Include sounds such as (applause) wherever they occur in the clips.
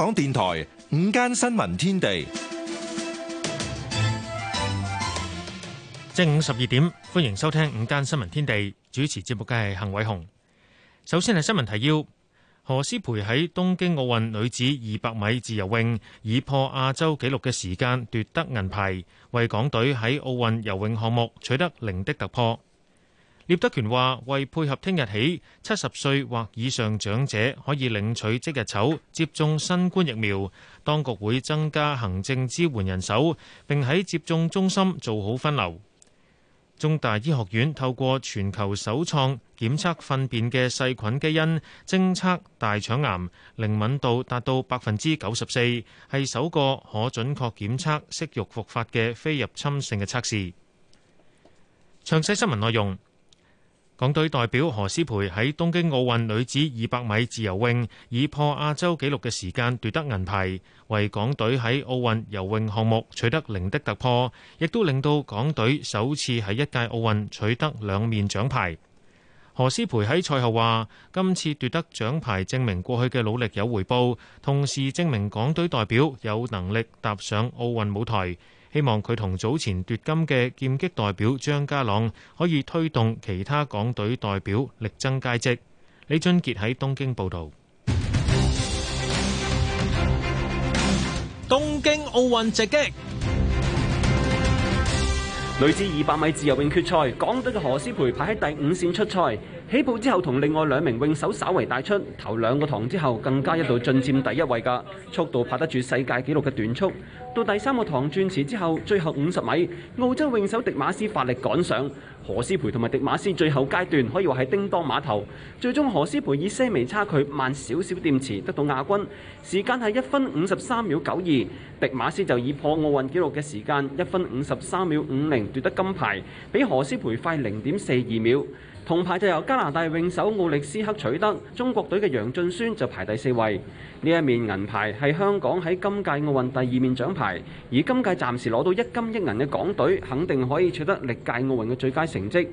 港電台午間新聞天地，正午十二點。歡迎收聽午間新聞天地，主持節目嘅係幸偉雄。首先係新聞提要：何詩蓓喺東京奧運女子二百米自由泳以破亞洲紀錄嘅時間奪得銀牌，為港隊喺奧運游泳項目取得零的突破。聶德權話：為配合聽日起七十歲或以上長者可以領取即日籌接種新冠疫苗，當局會增加行政支援人手，並喺接種中心做好分流。中大醫學院透過全球首創檢測糞便嘅細菌基因，偵測大腸癌，靈敏度達到百分之九十四，係首個可準確檢測息肉復發嘅非入侵性嘅測試。詳細新聞內容。港隊代表何詩蓓喺東京奧運女子二百米自由泳以破亞洲紀錄嘅時間奪得銀牌，為港隊喺奧運游泳項目取得零的突破，亦都令到港隊首次喺一屆奧運取得兩面獎牌。何詩蓓喺賽後話：今次奪得獎牌證明過去嘅努力有回報，同時證明港隊代表有能力踏上奧運舞台。希望佢同早前奪金嘅劍擊代表張家朗可以推動其他港隊代表力爭佳績。李俊傑喺東京報導。東京奧運直擊。女子二百米自由泳決賽，港隊嘅何詩蓓排喺第五線出賽，起步之後同另外兩名泳手稍為帶出，頭兩個塘之後更加一度進佔第一位，噶速度拍得住世界紀錄嘅短速，到第三個塘轉池之後，最後五十米，澳洲泳手迪馬斯發力趕上。何思培同埋迪馬斯最後階段可以話係叮當碼頭，最終何思培以些微差距慢少少電池得到亞軍，時間係一分五十三秒九二，迪馬斯就以破奧運紀錄嘅時間一分五十三秒五零奪得金牌，比何思培快零點四二秒。銅牌就由加拿大泳手奧力斯克取得，中國隊嘅楊浚瑄就排第四位。呢一面銀牌係香港喺今屆奧運第二面獎牌，而今屆暫時攞到一金一銀嘅港隊，肯定可以取得歷屆奧運嘅最佳成績。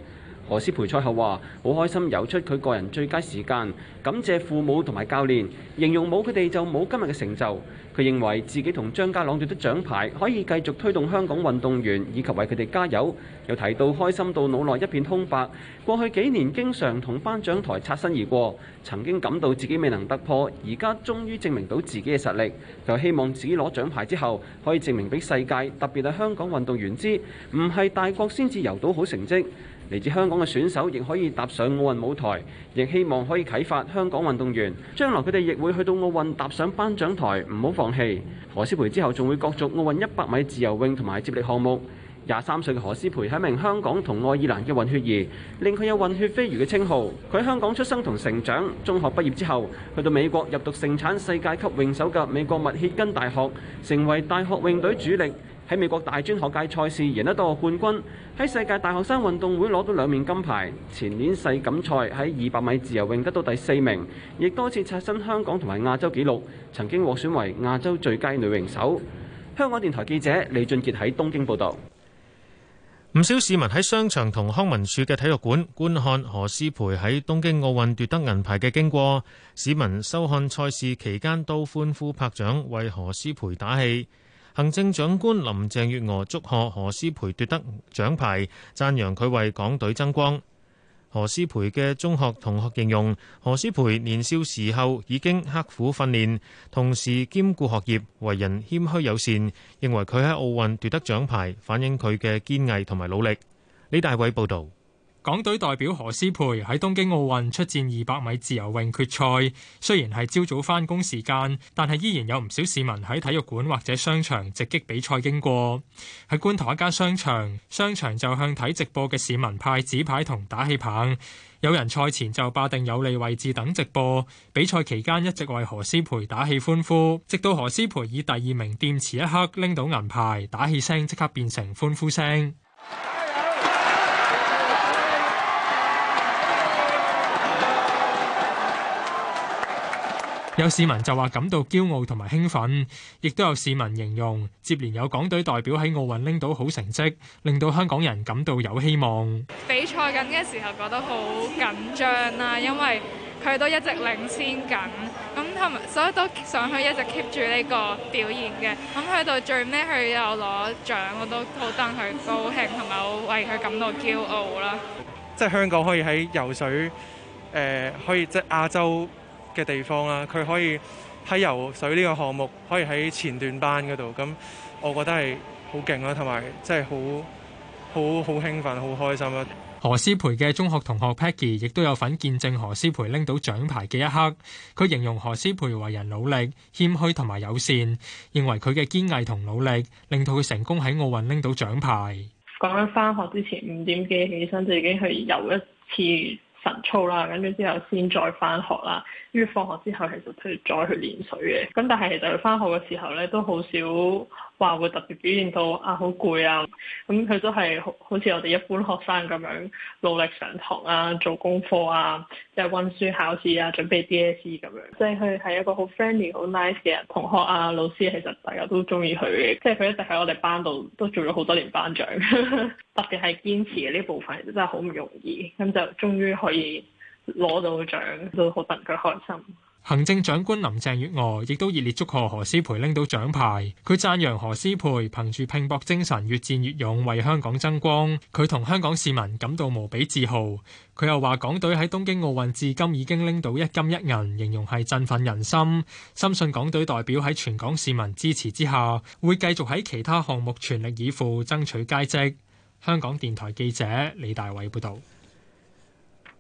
何詩蓓賽後話，好開心游出佢個人最佳時間，感謝父母同埋教練，形容冇佢哋就冇今日嘅成就。佢認為自己同張家朗奪得獎牌，可以繼續推動香港運動員以及為佢哋加油。又提到開心到腦內一片空白，過去幾年經常同頒獎台擦身而過，曾經感到自己未能突破，而家終於證明到自己嘅實力。就希望自己攞獎牌之後可以證明俾世界，特別係香港運動員知，唔係大國先至游到好成績。嚟自香港嘅選手亦可以踏上奧運舞台，亦希望可以啟發香港運動員。將來佢哋亦會去到奧運踏上頒獎台，唔好放棄。何詩蓓之後仲會角逐奧運一百米自由泳同埋接力項目。廿三歲嘅何詩蓓係一名香港同愛爾蘭嘅混血兒，令佢有混血飛魚嘅稱號。佢喺香港出生同成長，中學畢業之後去到美國入讀盛產世界級泳手嘅美國密歇根大學，成為大學泳隊主力。喺美國大專學界賽事贏得多個冠軍，喺世界大學生運動會攞到兩面金牌。前年世錦賽喺二百米自由泳得到第四名，亦多次刷新香港同埋亞洲紀錄，曾經獲選為亞洲最佳女泳手。香港電台記者李俊傑喺東京報導。唔少市民喺商場同康文署嘅體育館觀看何詩蓓喺東京奧運奪得銀牌嘅經過，市民收看賽事期間都歡呼拍掌為何詩蓓打氣。行政長官林鄭月娥祝賀何詩蓓奪得獎牌，讚揚佢為港隊爭光。何詩蓓嘅中學同學形容何詩蓓年少時候已經刻苦訓練，同時兼顧學業，為人謙虛友善。認為佢喺奧運奪得獎牌，反映佢嘅堅毅同埋努力。李大偉報導。港隊代表何詩蓓喺東京奧運出戰二百米自由泳決賽，雖然係朝早翻工時間，但係依然有唔少市民喺體育館或者商場直擊比賽經過。喺觀塘一間商場，商場就向睇直播嘅市民派紙牌同打氣棒，有人賽前就霸定有利位置等直播，比賽期間一直為何詩蓓打氣歡呼，直到何詩蓓以第二名掂池一刻拎到銀牌，打氣聲即刻變成歡呼聲。有市民就話感到驕傲同埋興奮，亦都有市民形容接連有港隊代表喺奧運拎到好成績，令到香港人感到有希望。比賽緊嘅時候覺得好緊張啦，因為佢都一直領先緊，咁同埋所以都想佢一直 keep 住呢個表現嘅。咁去到最尾佢又攞獎，我都好戥佢高興，同埋好為佢感到驕傲啦。即係香港可以喺游水，誒可以即係亞洲嘅地方啦，佢可以喺游水呢個項目，可以喺前段班嗰度，咁我覺得係好勁啦，同埋即係好好好興奮好開心啦。何詩蓓嘅中學同學 Peggy 亦都有份見證何詩蓓拎到獎牌嘅一刻，佢形容何詩蓓為人努力、謙虛同埋友善，認為佢嘅堅毅同努力令到佢成功喺奧運拎到獎牌。講緊翻學之前五點幾起身，自己去游一次。晨操啦，跟住之後先再翻學啦。於放學之後，其實佢再去練水嘅。咁但係，其實翻學嘅時候咧，都好少。話會特別表現到啊好攰啊，咁佢、啊、都係好好似我哋一般學生咁樣努力上堂啊，做功課啊，即係温書考試啊，準備 DSE 咁樣。即係佢係一個好 friendly 很、好 nice 嘅同學啊，老師其實大家都鍾意佢嘅。即係佢一直喺我哋班度都做咗好多年班長， (laughs) 特別係堅持嘅呢部分真係好唔容易，咁就終於可以攞到獎，都好戥佢開心。行政長官林鄭月娥亦都熱烈祝賀何詩蓓拎到獎牌，佢讚揚何詩蓓憑住拼搏精神越戰越勇為香港增光，佢同香港市民感到無比自豪。佢又話港隊喺東京奧運至今已經拎到一金一銀，形容係振奮人心，深信港隊代表喺全港市民支持之下，會繼續喺其他項目全力以赴爭取佳績。香港電台記者李大偉報導。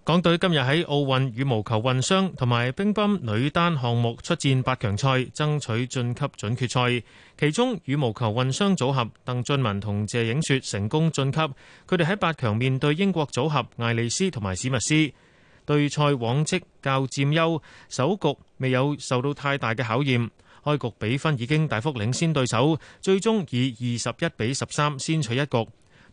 港隊今日喺奧運羽毛球混雙同埋乒乓女單項目出戰八強賽，爭取晉級準決賽。其中羽毛球混雙組合鄧俊文同謝影雪成功晉級，佢哋喺八強面對英國組合艾利斯同埋史密斯，對賽往績較佔優，首局未有受到太大嘅考驗，開局比分已經大幅領先對手，最終以二十一比十三先取一局。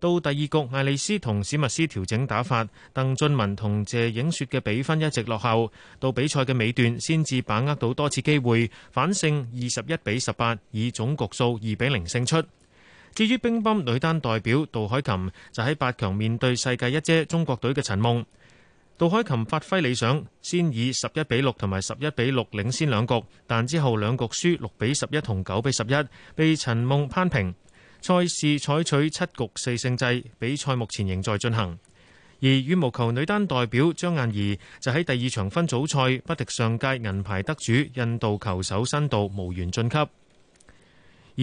到第二局，艾利斯同史密斯調整打法，鄧俊文同謝影雪嘅比分一直落後，到比賽嘅尾段先至把握到多次機會，反勝二十一比十八，以總局數二比零勝出。至於乒乓女單代表杜海琴就喺八強面對世界一姐中國隊嘅陳夢，杜海琴發揮理想，先以十一比六同埋十一比六領先兩局，但之後兩局輸六比十一同九比十一，被陳夢攀平。賽事採取七局四勝制，比賽目前仍在進行。而羽毛球女單代表張雁兒就喺第二場分組賽不敵上屆銀牌得主印度球手辛杜，無緣晉級。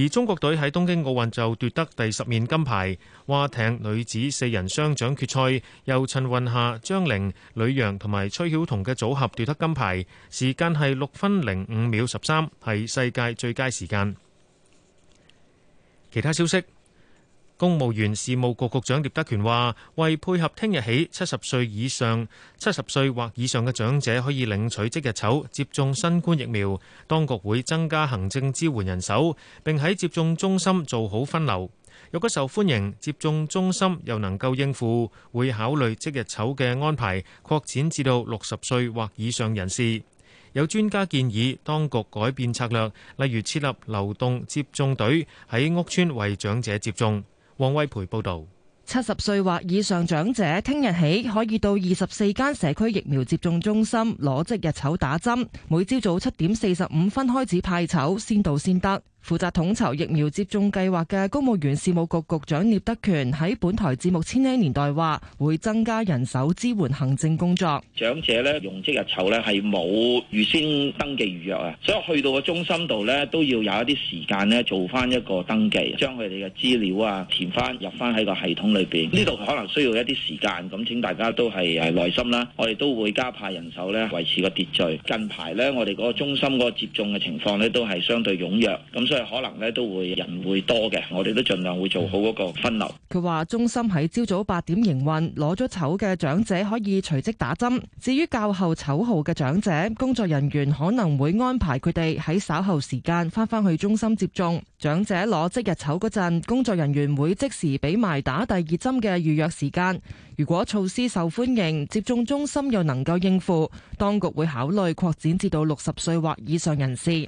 而中國隊喺東京奧運就奪得第十面金牌。划艇女子四人雙槳決賽又趁運下張靈、呂揚同埋崔曉彤嘅組合奪得金牌，時間係六分零五秒十三，係世界最佳時間。其他消息，公務員事務局局長聶德權話，為配合聽日起七十歲以上、七十歲或以上嘅長者可以領取即日籌，接種新冠疫苗，當局會增加行政支援人手，並喺接種中心做好分流。若果受歡迎，接種中心又能夠應付，會考慮即日籌嘅安排擴展至到六十歲或以上人士。有專家建議，當局改變策略，例如設立流動接種隊喺屋邨為長者接種。黃威培報導，七十歲或以上長者聽日起可以到二十四間社區疫苗接種中心攞即日籌打針，每朝早七點四十五分開始派籌，先到先得。負責統籌疫苗接種計劃嘅公務員事務局局長聶德權喺本台節目《千禧年代》話，會增加人手支援行政工作。長者咧用即日籌咧係冇預先登記預約啊，所以去到個中心度咧都要有一啲時間咧做翻一個登記，將佢哋嘅資料啊填翻入翻喺個系統裏邊。呢度可能需要一啲時間，咁請大家都係誒耐心啦。我哋都會加派人手咧維持個秩序。近排咧我哋嗰個中心嗰個接種嘅情況咧都係相對踴躍，咁。即係可能咧都會人會多嘅，我哋都盡量會做好嗰個分流。佢話中心喺朝早八點營運，攞咗籌嘅長者可以隨即打針，至於較後籌號嘅長者，工作人員可能會安排佢哋喺稍後時間翻返去中心接種，長者攞即日籌嗰陣，工作人員會即時俾埋打第二針嘅預約時間，如果措施受歡迎，接種中心又能夠應付，當局會考慮擴展至到六十歲或以上人士。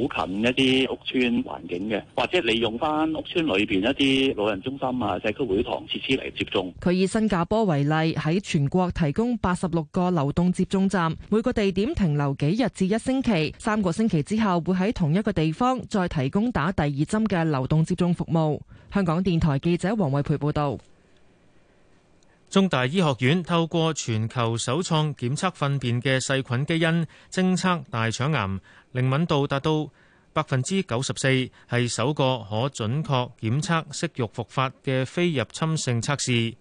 好近一啲屋邨環境嘅，或者利用翻屋邨裏邊一啲老人中心啊、社區會堂設施嚟接種。佢以新加坡為例，喺全國提供八十六個流動接種站，每個地點停留幾日至一星期，三個星期之後會喺同一個地方再提供打第二針嘅流動接種服務。香港電台記者黃惠培報道。中大醫學院透過全球首創檢測糞便嘅細菌基因，偵測大腸癌，靈敏度達到百分之九十四，係首個可準確檢測息肉復發嘅非入侵性測試。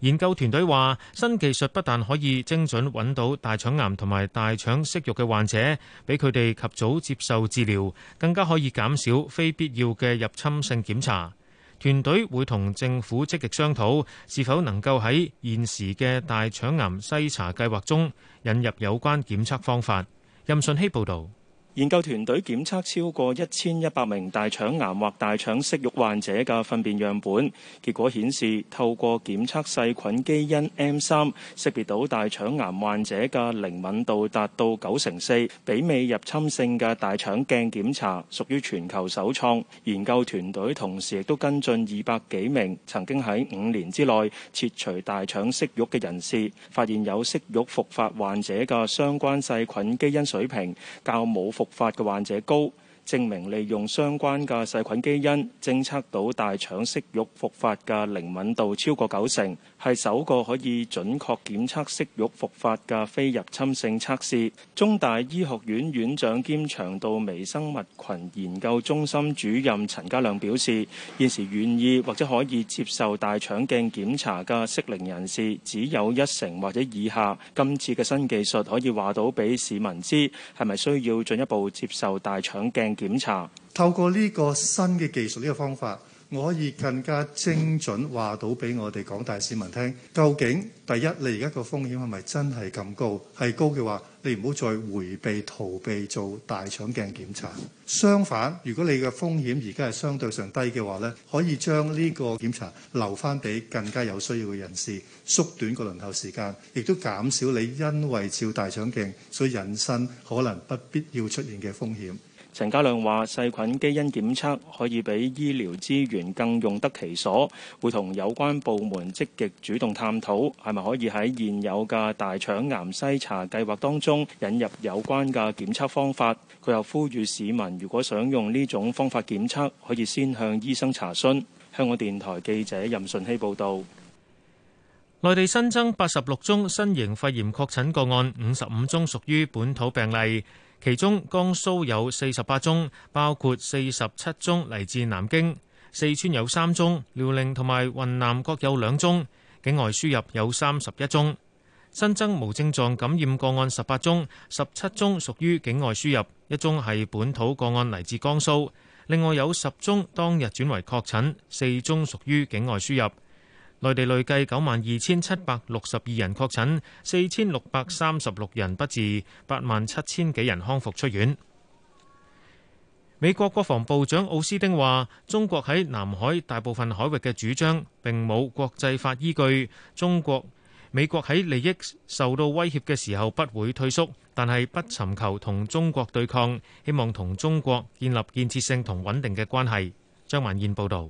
研究團隊話，新技術不但可以精準揾到大腸癌同埋大腸息肉嘅患者，俾佢哋及早接受治療，更加可以減少非必要嘅入侵性檢查。團隊會同政府積極商討，是否能夠喺現時嘅大腸癌篩查計劃中引入有關檢測方法。任信希報導。研究團隊檢測超過一千一百名大腸癌或大腸息肉患者嘅糞便樣本，結果顯示透過檢測細菌基因 M 三，識別到大腸癌患者嘅靈敏度達到九成四，媲美入侵性嘅大腸鏡檢查，屬於全球首創。研究團隊同時亦都跟進二百幾名曾經喺五年之內切除大腸息肉嘅人士，發現有息肉復發患者嘅相關細菌基因水平較冇復 (music) 發嘅患者高。證明利用相關嘅細菌基因，偵測到大腸息肉復發嘅靈敏度超過九成，係首個可以準確檢測息肉復發嘅非入侵性測試。中大醫學院院長兼腸道微生物群研究中心主任陳家亮表示：現時願意或者可以接受大腸鏡檢查嘅適齡人士，只有一成或者以下。今次嘅新技術可以話到俾市民知，係咪需要進一步接受大腸鏡檢查透過呢個新嘅技術，呢個方法，我可以更加精準話到俾我哋廣大市民聽。究竟第一，你而家個風險係咪真係咁高？係高嘅話，你唔好再迴避、逃避做大腸鏡檢查。相反，如果你嘅風險而家係相對上低嘅話呢，可以將呢個檢查留翻俾更加有需要嘅人士，縮短個輪候時間，亦都減少你因為照大腸鏡所以引申可能不必要出現嘅風險。陳家亮話：細菌基因檢測可以俾醫療資源更用得其所，會同有關部門積極主動探討，係咪可以喺現有嘅大腸癌篩查計劃當中引入有關嘅檢測方法。佢又呼籲市民，如果想用呢種方法檢測，可以先向醫生查詢。香港電台記者任順希報導。內地新增八十六宗新型肺炎確診個案，五十五宗屬於本土病例。其中，江蘇有四十八宗，包括四十七宗嚟自南京，四川有三宗，遼寧同埋雲南各有兩宗，境外輸入有三十一宗。新增無症狀感染個案十八宗，十七宗屬於境外輸入，一宗係本土個案嚟自江蘇，另外有十宗當日轉為確診，四宗屬於境外輸入。內地累計九萬二千七百六十二人確診，四千六百三十六人不治，八萬七千幾人康復出院。美國國防部長奧斯丁話：中國喺南海大部分海域嘅主張並冇國際法依據。中國、美國喺利益受到威脅嘅時候不會退縮，但係不尋求同中國對抗，希望同中國建立建設性同穩定嘅關係。張曼燕報導。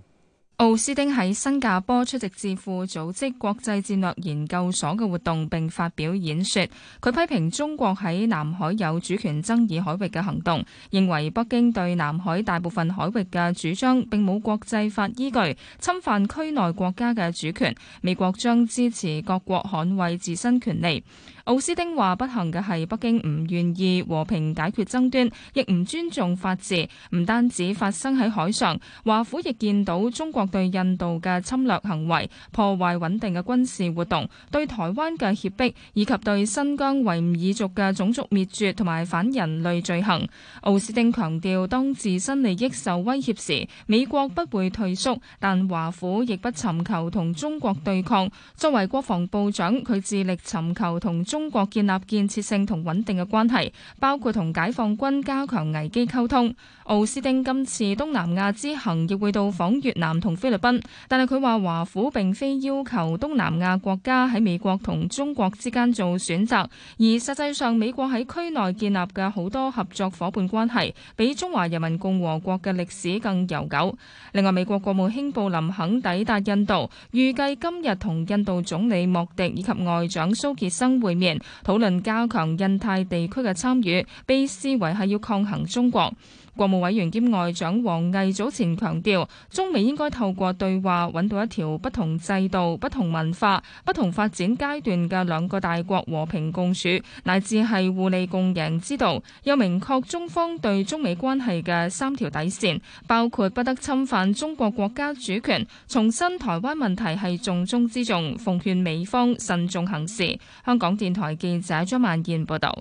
奧斯汀喺新加坡出席智庫組織國際戰略研究所嘅活動，並發表演說。佢批評中國喺南海有主權爭議海域嘅行動，認為北京對南海大部分海域嘅主張並冇國際法依據，侵犯區內國家嘅主權。美國將支持各國捍衛自身權利。奧斯丁話，不幸嘅係，北京唔願意和平解決爭端，亦唔尊重法治。唔單止發生喺海上，華府亦見到中國對印度嘅侵略行為，破壞穩定嘅軍事活動，對台灣嘅脅迫，以及對新疆維吾爾族嘅種族滅絕同埋反人類罪行。奧斯丁強調，當自身利益受威脅時，美國不會退縮，但華府亦不尋求同中國對抗。作為國防部長，佢致力尋求同中。中國建立建設性同穩定嘅關係，包括同解放軍加強危機溝通。奧斯汀今次東南亞之行亦會到訪越南同菲律賓，但係佢話華府並非要求東南亞國家喺美國同中國之間做選擇，而實際上美國喺區內建立嘅好多合作伙伴關係，比中華人民共和國嘅歷史更悠久。另外，美國國務卿布林肯抵達印度，預計今日同印度總理莫迪以及外長蘇杰生會面。討論加強印太地區嘅參與，被視為係要抗衡中國。國務委員兼外長王毅早前強調，中美應該透過對話揾到一條不同制度、不同文化、不同發展階段嘅兩個大國和平共處乃至係互利共贏之道。又明確中方對中美關係嘅三條底線，包括不得侵犯中國國家主權，重申台灣問題係重中之重，奉勸美方慎重行事。香港電台記者張萬燕報道。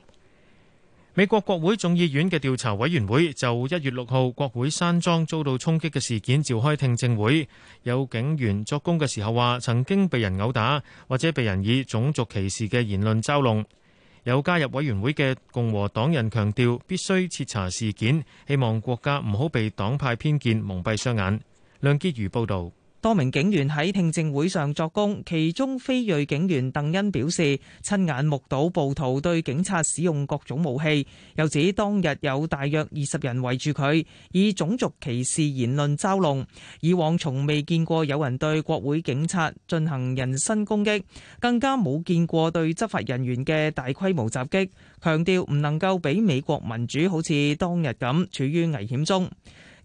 美國國會眾議院嘅調查委員會就一月六號國會山莊遭到衝擊嘅事件召開聽證會，有警員作供嘅時候話曾經被人毆打或者被人以種族歧視嘅言論嘲弄。有加入委員會嘅共和黨人強調必須徹查事件，希望國家唔好被黨派偏見蒙蔽雙眼。梁傑如報導。多名警員喺聽證會上作供，其中非裔警員鄧恩表示，親眼目睹暴徒對警察使用各種武器，又指當日有大約二十人圍住佢，以種族歧視言論嘲弄。以往從未見過有人對國會警察進行人身攻擊，更加冇見過對執法人員嘅大規模襲擊。強調唔能夠俾美國民主好似當日咁處於危險中。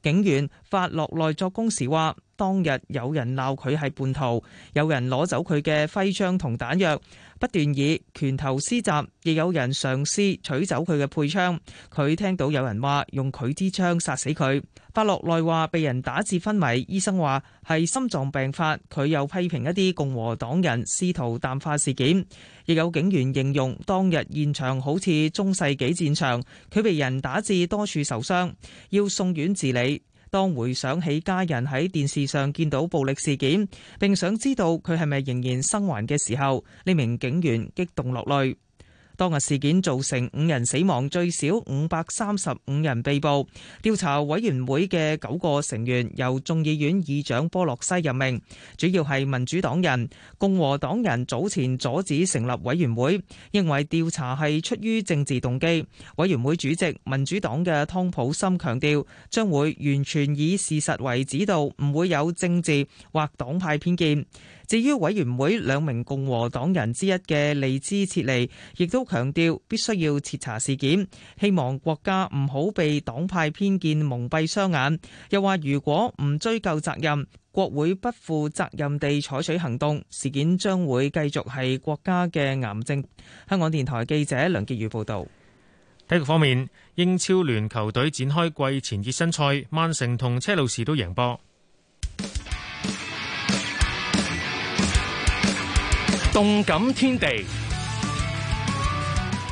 警員法落內作供時話。當日有人鬧佢係叛徒，有人攞走佢嘅徽章同彈藥，不斷以拳頭施襲，亦有人嘗試取走佢嘅配槍。佢聽到有人話用佢支槍殺，殺死佢。法洛內話被人打至昏迷，醫生話係心臟病發。佢又批評一啲共和黨人試圖淡化事件，亦有警員形容當日現場好似中世紀戰場。佢被人打至多處受傷，要送院治理。當回想起家人喺電視上見到暴力事件，並想知道佢係咪仍然生還嘅時候，呢名警員激動落淚。當日事件造成五人死亡，最少五百三十五人被捕。調查委員會嘅九個成員由眾議院議長波洛西任命，主要係民主黨人。共和黨人早前阻止成立委員會，認為調查係出於政治動機。委員會主席民主黨嘅湯普森強調，將會完全以事實為指導，唔會有政治或黨派偏見。至於委員會兩名共和黨人之一嘅利茲切尼，亦都強調必須要徹查事件，希望國家唔好被黨派偏見蒙蔽雙眼。又話如果唔追究責任，國會不負責任地採取行動，事件將會繼續係國家嘅癌症。香港電台記者梁潔如報導。體育方面，英超聯球隊展開季前熱身賽，曼城同車路士都贏波。動感天地，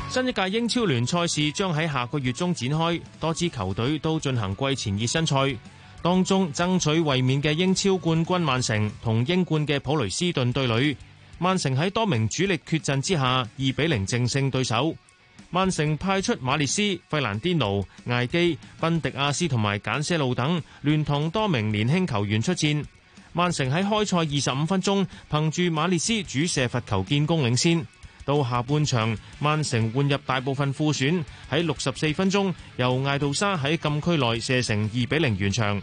新一屆英超聯賽事將喺下個月中展開，多支球隊都進行季前熱身賽。當中爭取衛冕嘅英超冠軍曼城同英冠嘅普雷斯頓對壘。曼城喺多名主力缺陣之下，二比零淨勝對手。曼城派出馬列斯、費蘭迪奴、艾基、賓迪阿斯同埋簡些路等，聯同多名年輕球員出戰。曼城喺開賽二十五分鐘，憑住馬列斯主射罰球建功領先。到下半場，曼城換入大部分副選，喺六十四分鐘，由艾杜莎喺禁區內射成二比零完場。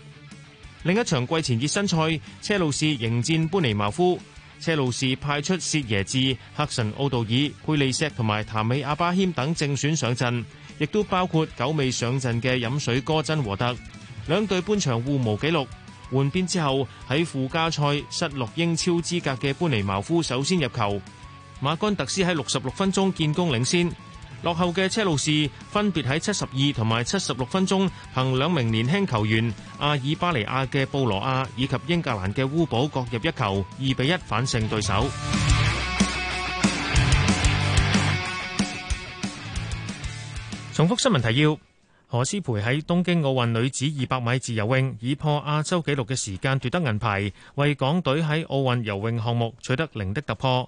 另一場季前熱身賽，車路士迎戰般尼茅夫。車路士派出薛耶治、克神奧道爾、佩利錫同埋譚美阿巴謙等正選上陣，亦都包括九尾上陣嘅飲水哥真和特。兩隊半場互無紀錄。換邊之後，喺附加賽失落英超資格嘅潘尼茅夫首先入球，馬干特斯喺六十六分鐘建功領先，落後嘅車路士分別喺七十二同埋七十六分鐘，憑兩名年輕球員阿爾巴尼亞嘅布羅亞以及英格蘭嘅烏堡各入一球，二比一反勝對手。重複新聞提要。何詩蓓喺東京奧運女子二百米自由泳以破亞洲紀錄嘅時間奪得銀牌，為港隊喺奧運游泳項目取得零的突破。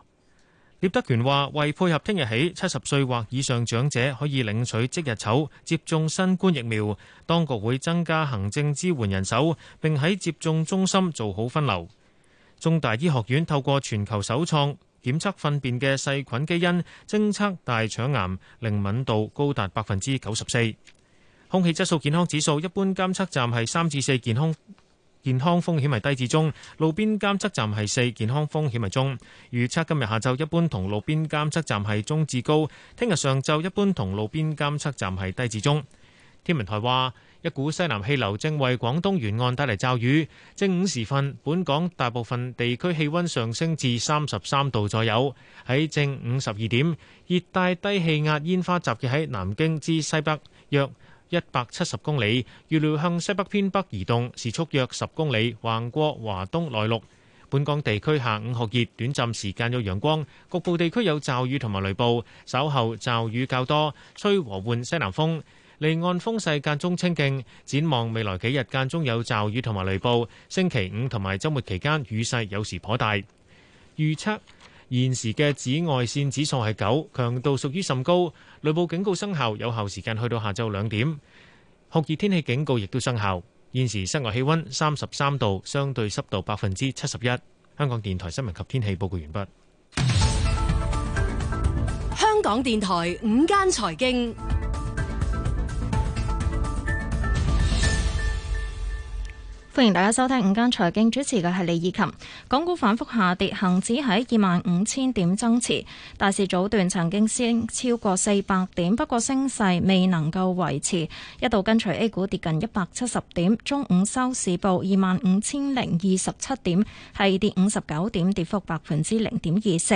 聶德權話：為配合聽日起七十歲或以上長者可以領取即日籌接種新冠疫苗，當局會增加行政支援人手，並喺接種中心做好分流。中大醫學院透過全球首創檢測糞便嘅細菌基因，偵測大腸癌，靈敏度高達百分之九十四。空氣質素健康指數，一般監測站係三至四，健康健康風險係低至中；路邊監測站係四，健康風險係中。預測今日下晝一般同路邊監測站係中至高，聽日上晝一般同路邊監測站係低至中。天文台話，一股西南氣流正為廣東沿岸帶嚟驟雨。正午時分，本港大部分地區氣温上升至三十三度左右。喺正午十二點，熱帶低氣壓煙花集結喺南京之西北，約一百七十公里，預料向西北偏北移動，時速約十公里，橫過華東內陸。本港地區下午酷熱，短暫時間有陽光，局部地區有驟雨同埋雷暴，稍後驟雨較多，吹和緩西南風。離岸風勢間中清勁，展望未來幾日間中有驟雨同埋雷暴，星期五同埋周末期間雨勢有時頗大。預測。現時嘅紫外線指數係九，強度屬於甚高，雷暴警告生效，有效時間去到下晝兩點。酷熱天氣警告亦都生效。現時室外氣溫三十三度，相對濕度百分之七十一。香港電台新聞及天氣報告完畢。香港電台午間財經。歡迎大家收聽午間財經，主持嘅係李以琴。港股反覆下跌，恒指喺二萬五千點增持，大市早段曾經升超過四百點，不過升勢未能夠維持，一度跟隨 A 股跌近一百七十點。中午收市報二萬五千零二十七點，係跌五十九點，跌幅百分之零點二四。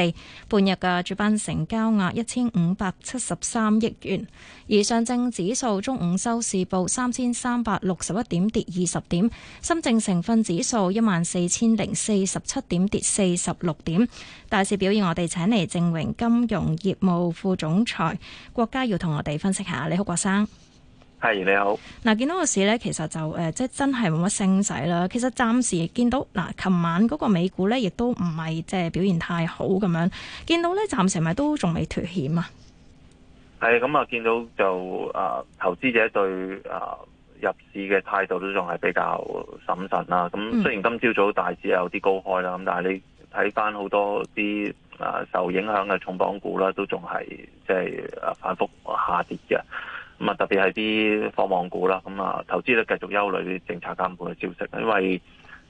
半日嘅主板成交額一千五百七十三億元，而上證指數中午收市報三千三百六十一點，跌二十點。深證成分指數一萬四千零四十七點，跌四十六點。大市表現，我哋請嚟正榮金融業務副總裁郭家耀同我哋分析下。你好，郭生。係你好。嗱，見到個市呢、呃，其實就誒，即真係冇乜升勢啦。其實暫時見到嗱，琴、呃、晚嗰個美股呢，亦都唔係即係表現太好咁樣。見到呢，暫時咪都仲未脫險啊。係咁啊！見到就誒、呃，投資者對誒。呃入市嘅態度都仲係比較審慎啦。咁雖然今朝早大市有啲高開啦，咁但係你睇翻好多啲啊受影響嘅重磅股啦，都仲係即係啊反覆下跌嘅。咁啊特別係啲科網股啦，咁啊投資都繼續憂慮啲政策監管嘅消息，因為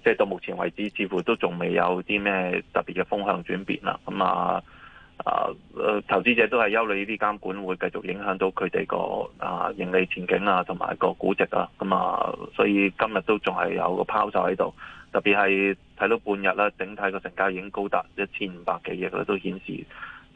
即係到目前為止似乎都仲未有啲咩特別嘅風向轉變啦。咁啊～啊，誒，投資者都係憂慮呢啲監管會繼續影響到佢哋個啊盈利前景啊，同埋個估值啊，咁啊，所以今日都仲係有個拋售喺度，特別係睇到半日啦、啊，整體個成交已經高達一千五百幾億啦，都顯示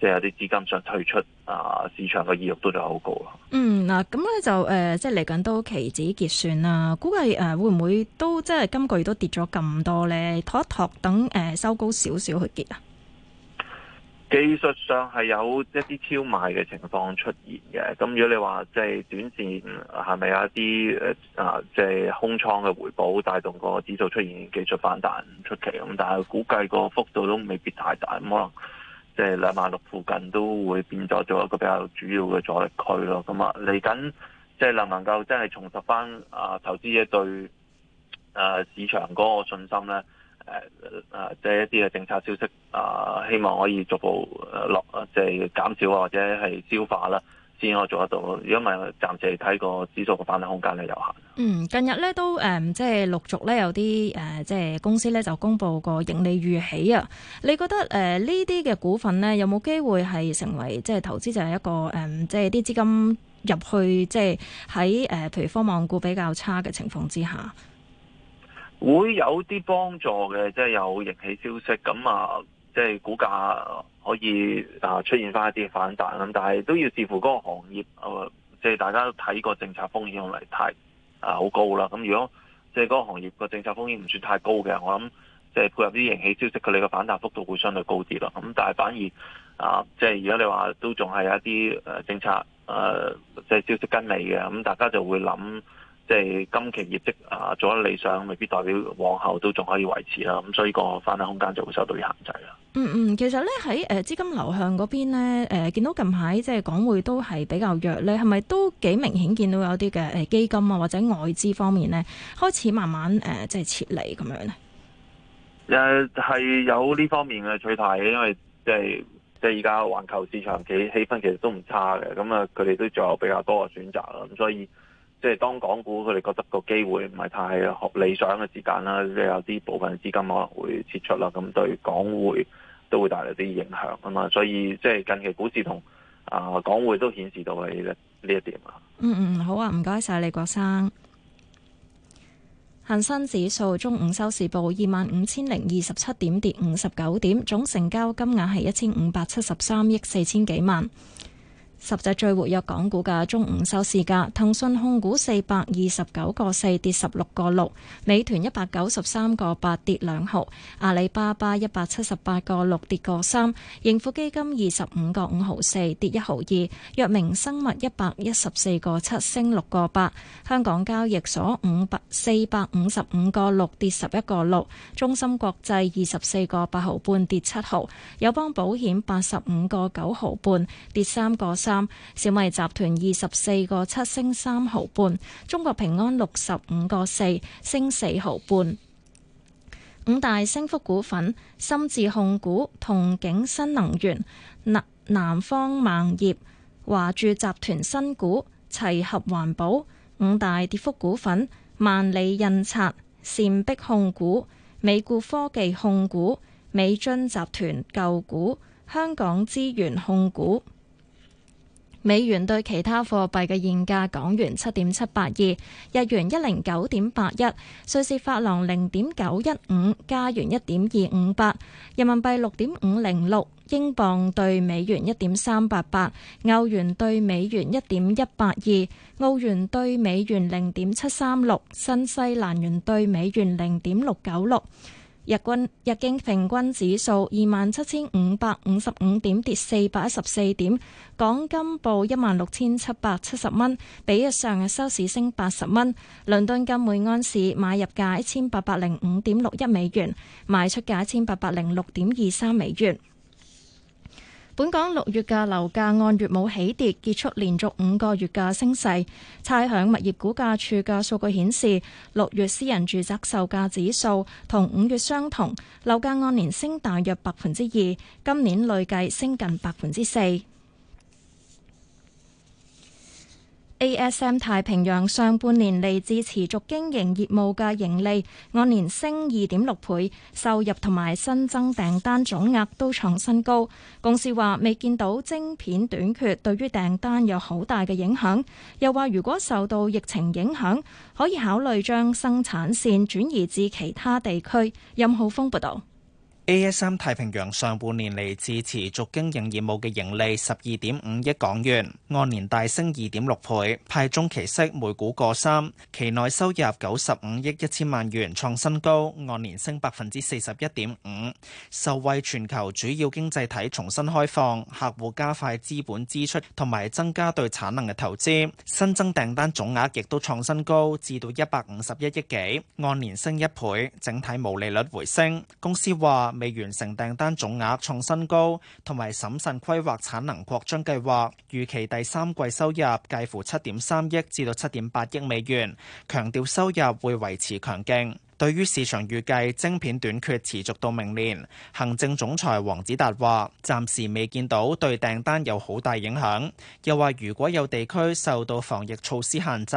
即係啲資金想退出啊，市場嘅意欲都就好高啊。嗯，嗱，咁咧就誒，即係嚟緊都期指結算啦，估計誒會唔會都即係今個月都跌咗咁多咧？拖一拖等，等、呃、誒收高少少去結啊。技術上係有一啲超賣嘅情況出現嘅，咁如果你話即係短線係咪有一啲誒啊即係空倉嘅回報帶動個指數出現技術反彈出奇咁，但係估計個幅度都未必太大，咁可能即係兩萬六附近都會變咗做一個比較主要嘅阻力區咯。咁啊，嚟緊即係能唔能夠真係重拾翻啊投資者對誒、呃、市場嗰個信心咧？誒誒，即係一啲嘅政策消息啊，希望可以逐步落，即係減少或者係消化啦，先可以做得到。如果唔係暫時睇個指數嘅反彈空間係有限。嗯，近日咧都誒、嗯，即係陸續咧有啲誒、嗯，即係公司咧就公佈個盈利預期。啊。你覺得誒呢啲嘅股份呢，有冇機會係成為即係投資者一個誒、嗯，即係啲資金入去，即係喺誒，譬如科網股比較差嘅情況之下。會有啲幫助嘅，即係有盈喜消息，咁啊，即係股價可以啊出現翻一啲反彈咁，但係都要視乎嗰個行業，啊即係大家都睇個政策風險嚟，太啊，好高啦。咁如果即係嗰個行業個政策風險唔算太高嘅，我諗即係配合啲盈喜消息，佢哋嘅反彈幅度會相對高啲咯。咁但係反而啊，即係如果你話都仲係有一啲誒政策誒即係消息跟你嘅，咁大家就會諗。即係今期業績啊，做得理想，未必代表往後都仲可以維持啦。咁所以個反彈空間就會受到啲限制啦。嗯嗯，其實咧喺誒資金流向嗰邊咧，誒、呃、見到近排即係港匯都係比較弱咧，係咪都幾明顯見到有啲嘅誒基金啊或者外資方面咧開始慢慢誒即係撤離咁樣咧？誒係、嗯、有呢方面嘅取態，因為即係即係而家環球市場嘅氣氛其實都唔差嘅，咁啊佢哋都仲有比較多嘅選擇啦，咁、嗯、所以。即係當港股佢哋覺得個機會唔係太理想嘅時間啦，即係有啲部分資金可能會撤出啦，咁對港匯都會帶嚟啲影響啊嘛，所以即係近期股市同啊、呃、港匯都顯示到喺呢一點啊。嗯嗯，好啊，唔該晒李國生。恒生指數中午收市報二萬五千零二十七點，跌五十九點，總成交金額係一千五百七十三億四千幾萬。十隻最活躍港股嘅中午收市價：騰訊控股四百二十九個四跌十六個六；美團一百九十三個八跌兩毫；阿里巴巴一百七十八個六跌個三；盈富基金二十五個五毫四跌一毫二；藥明生物一百一十四個七升六個八；香港交易所五百四百五十五個六跌十一個六；中芯國際二十四個八毫半跌七毫；友邦保險八十五個九毫半跌三個。三小米集團二十四個七升三毫半，中國平安六十五個四升四毫半。五大升幅股份：深智控股、同景新能源、南南方錳業、華住集團新股、齊合環保。五大跌幅股份：萬里印刷、善碧控股、美固科技控股、美津集團舊股、香港資源控股。美元兌其他貨幣嘅現價：港元七點七八二，日元一零九點八一，瑞士法郎零點九一五，加元一點二五八，人民幣六點五零六，英鎊對美元一點三八八，歐元對美元一點一八二，澳元對美元零點七三六，新西蘭元對美元零點六九六。日均日經平均指數二萬七千五百五十五點，跌四百一十四點，港金報一萬六千七百七十蚊，比日上日收市升八十蚊。倫敦金每安士買入價一千八百零五點六一美元，賣出價一千八百零六點二三美元。本港六月嘅樓價按月冇起跌，結束連續五個月嘅升勢，差餉物業估價署嘅數據顯示，六月私人住宅售價指數同五月相同，樓價按年升大約百分之二，今年累計升近百分之四。ASM 太平洋上半年嚟自持續經營業務嘅盈利按年升二點六倍，收入同埋新增訂單總額都創新高。公司話未見到晶片短缺對於訂單有好大嘅影響，又話如果受到疫情影響，可以考慮將生產線轉移至其他地區。任浩峰報導。ASM 太平洋上半年嚟自持續經營業務嘅盈利十二點五億港元，按年大升二點六倍，派中期息每股過三，期內收入九十五億一千萬元，創新高，按年升百分之四十一點五。受惠全球主要經濟體重新開放，客戶加快資本支出同埋增加對產能嘅投資，新增訂單總額亦都創新高，至到一百五十一億幾，按年升一倍，整體毛利率回升。公司話。未完成訂單總額創新高，同埋審慎規劃產能擴張計劃，預期第三季收入介乎七點三億至到七點八億美元，強調收入會維持強勁，對於市場預計晶片短缺持續到明年，行政總裁黃子達話暫時未見到對訂單有好大影響，又話如果有地區受到防疫措施限制，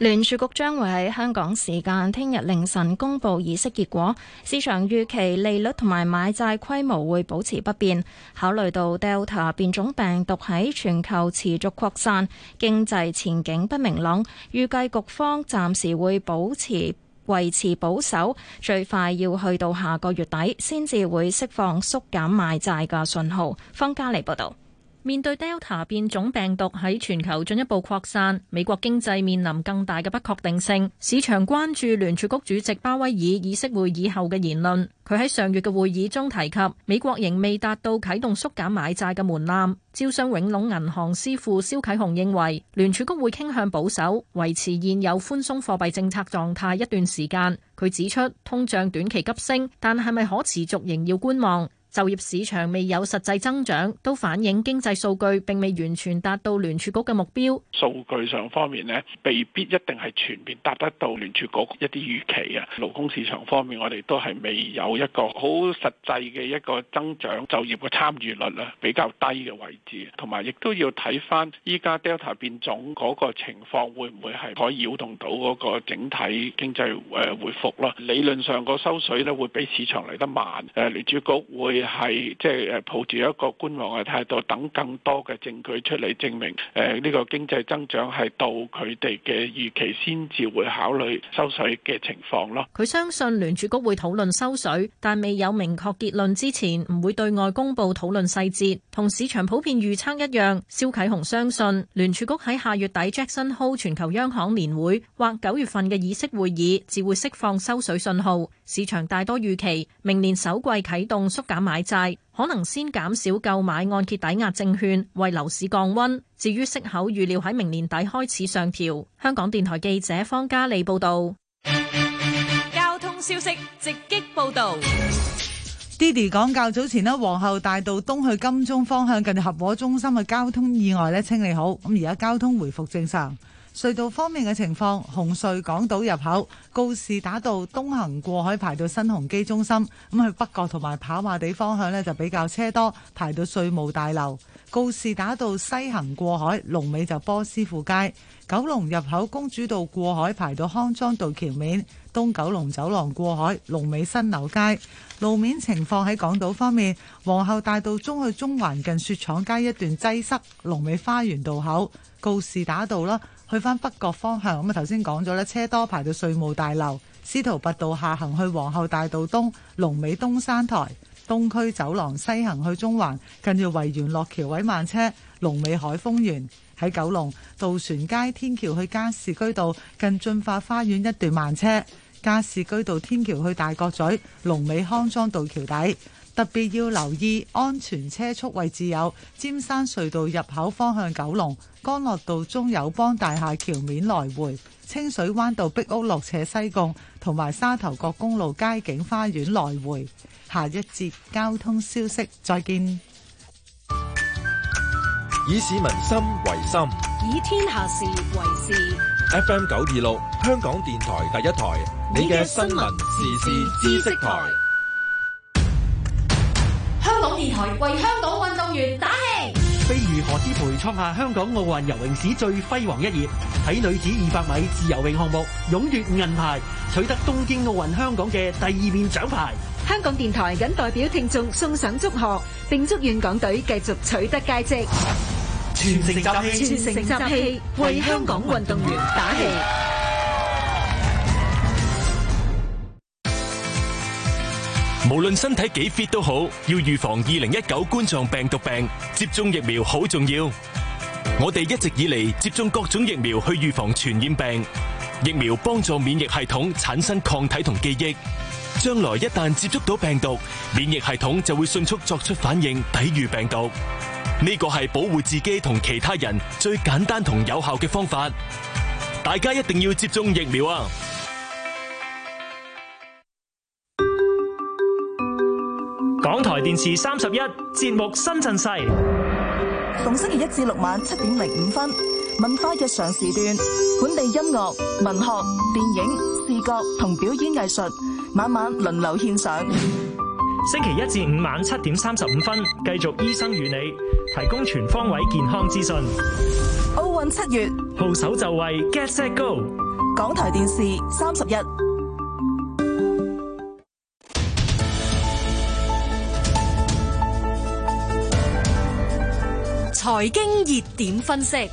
聯儲局將會喺香港時間聽日凌晨公布議息結果，市場預期利率同埋買債規模會保持不變。考慮到 Delta 變種病毒喺全球持續擴散，經濟前景不明朗，預計局方暫時會保持維持保守，最快要去到下個月底先至會釋放縮減買債嘅信號。方家莉報道。面對 Delta 變種病毒喺全球進一步擴散，美國經濟面臨更大嘅不確定性。市場關注聯儲局主席鮑威爾議息會議後嘅言論。佢喺上月嘅會議中提及，美國仍未達到啟動縮減買債嘅門檻。招商永隆銀行師傅肖啟雄認為，聯儲局會傾向保守，維持現有寬鬆貨幣政策狀態一段時間。佢指出，通脹短期急升，但係咪可持續，仍要觀望。就業市場未有實際增長，都反映經濟數據並未完全達到聯儲局嘅目標。數據上方面呢，未必,必一定係全面達得到聯儲局一啲預期啊。勞工市場方面，我哋都係未有一個好實際嘅一個增長。就業嘅參與率咧比較低嘅位置，同埋亦都要睇返依家 Delta 變種嗰個情況會唔會係可以擾動到嗰個整體經濟誒恢復啦。理論上個收水咧會比市場嚟得慢，誒聯儲局會。係即係抱住一個觀望嘅態度，等更多嘅證據出嚟證明，誒呢個經濟增長係到佢哋嘅預期先至會考慮收水嘅情況咯。佢相信聯儲局會討論收水，但未有明確結論之前，唔會對外公布討論細節。同市場普遍預測一樣，蕭啟雄相信聯儲局喺下月底 Jackson Hole 全球央行年會或九月份嘅議息會議，只會釋放收水信號。市場大多預期明年首季啟動縮減。買債可能先減少購買按揭抵押證券，為樓市降温。至於息口預料，預料喺明年底開始上調。香港電台記者方嘉利報道。交通消息直擊報道。Diddy 講，較早前咧皇后大道東去金鐘方向近合和中心嘅交通意外咧清理好，咁而家交通回復正常。隧道方面嘅情況，紅隧港島入口告士打道東行過海排到新鴻基中心，咁去北角同埋跑馬地方向呢，就比較車多，排到稅務大樓告士打道西行過海龍尾就波斯富街；九龍入口公主道過海排到康莊道橋面，東九龍走廊過海龍尾新樓街。路面情況喺港島方面，皇后大道中去中環近雪廠街一段擠塞，龍尾花園道口告士打道啦。去翻北角方向，咁啊頭先講咗呢，車多排到稅務大樓、司徒拔道下行去皇后大道東、龍尾東山台、東區走廊西行去中環，近住維園落橋位慢車、龍尾海峰園喺九龍渡船街天橋去加士居道，近駿發花園一段慢車，加士居道天橋去大角咀、龍尾康莊道橋底。特別要留意安全車速位置有：尖山隧道入口方向九龍、干諾道中友邦大廈橋面來回、清水灣道壁屋落斜西貢，同埋沙頭角公路街景花園來回。下一節交通消息，再見。以市民心為心，以天下事為事。F M 九二六，香港電台第一台，你嘅新聞時事知識台。香港電台為香港運動員打氣，飛魚何詩蓓創下香港奧運游泳史最輝煌一頁，喺女子二百米自由泳項目勇奪銀牌，取得東京奧運香港嘅第二面獎牌。香港電台謹代表聽眾送上祝賀，並祝願港隊繼續取得佳績。全城集氣，全城集氣，為香港運動員打氣。無論身體幾 fit 都好，要預防二零一九冠狀病毒病，接種疫苗好重要。我哋一直以嚟，接種各種疫苗去預防傳染病，疫苗幫助免疫系統產生抗體同記憶，將來一旦接觸到病毒，免疫系統就會迅速作出反應，抵禦病毒。呢個係保護自己同其他人最簡單同有效嘅方法，大家一定要接種疫苗啊！港台電視三十一節目新陣勢，逢星期一至六晚七點零五分，文化日常時段，本地音樂、文學、電影、視覺同表演藝術，晚晚輪流獻上。星期一至五晚七點三十五分，繼續醫生與你，提供全方位健康資訊。奧運七月，號手就位，Get Set Go！港台電視三十一。財經熱點分析。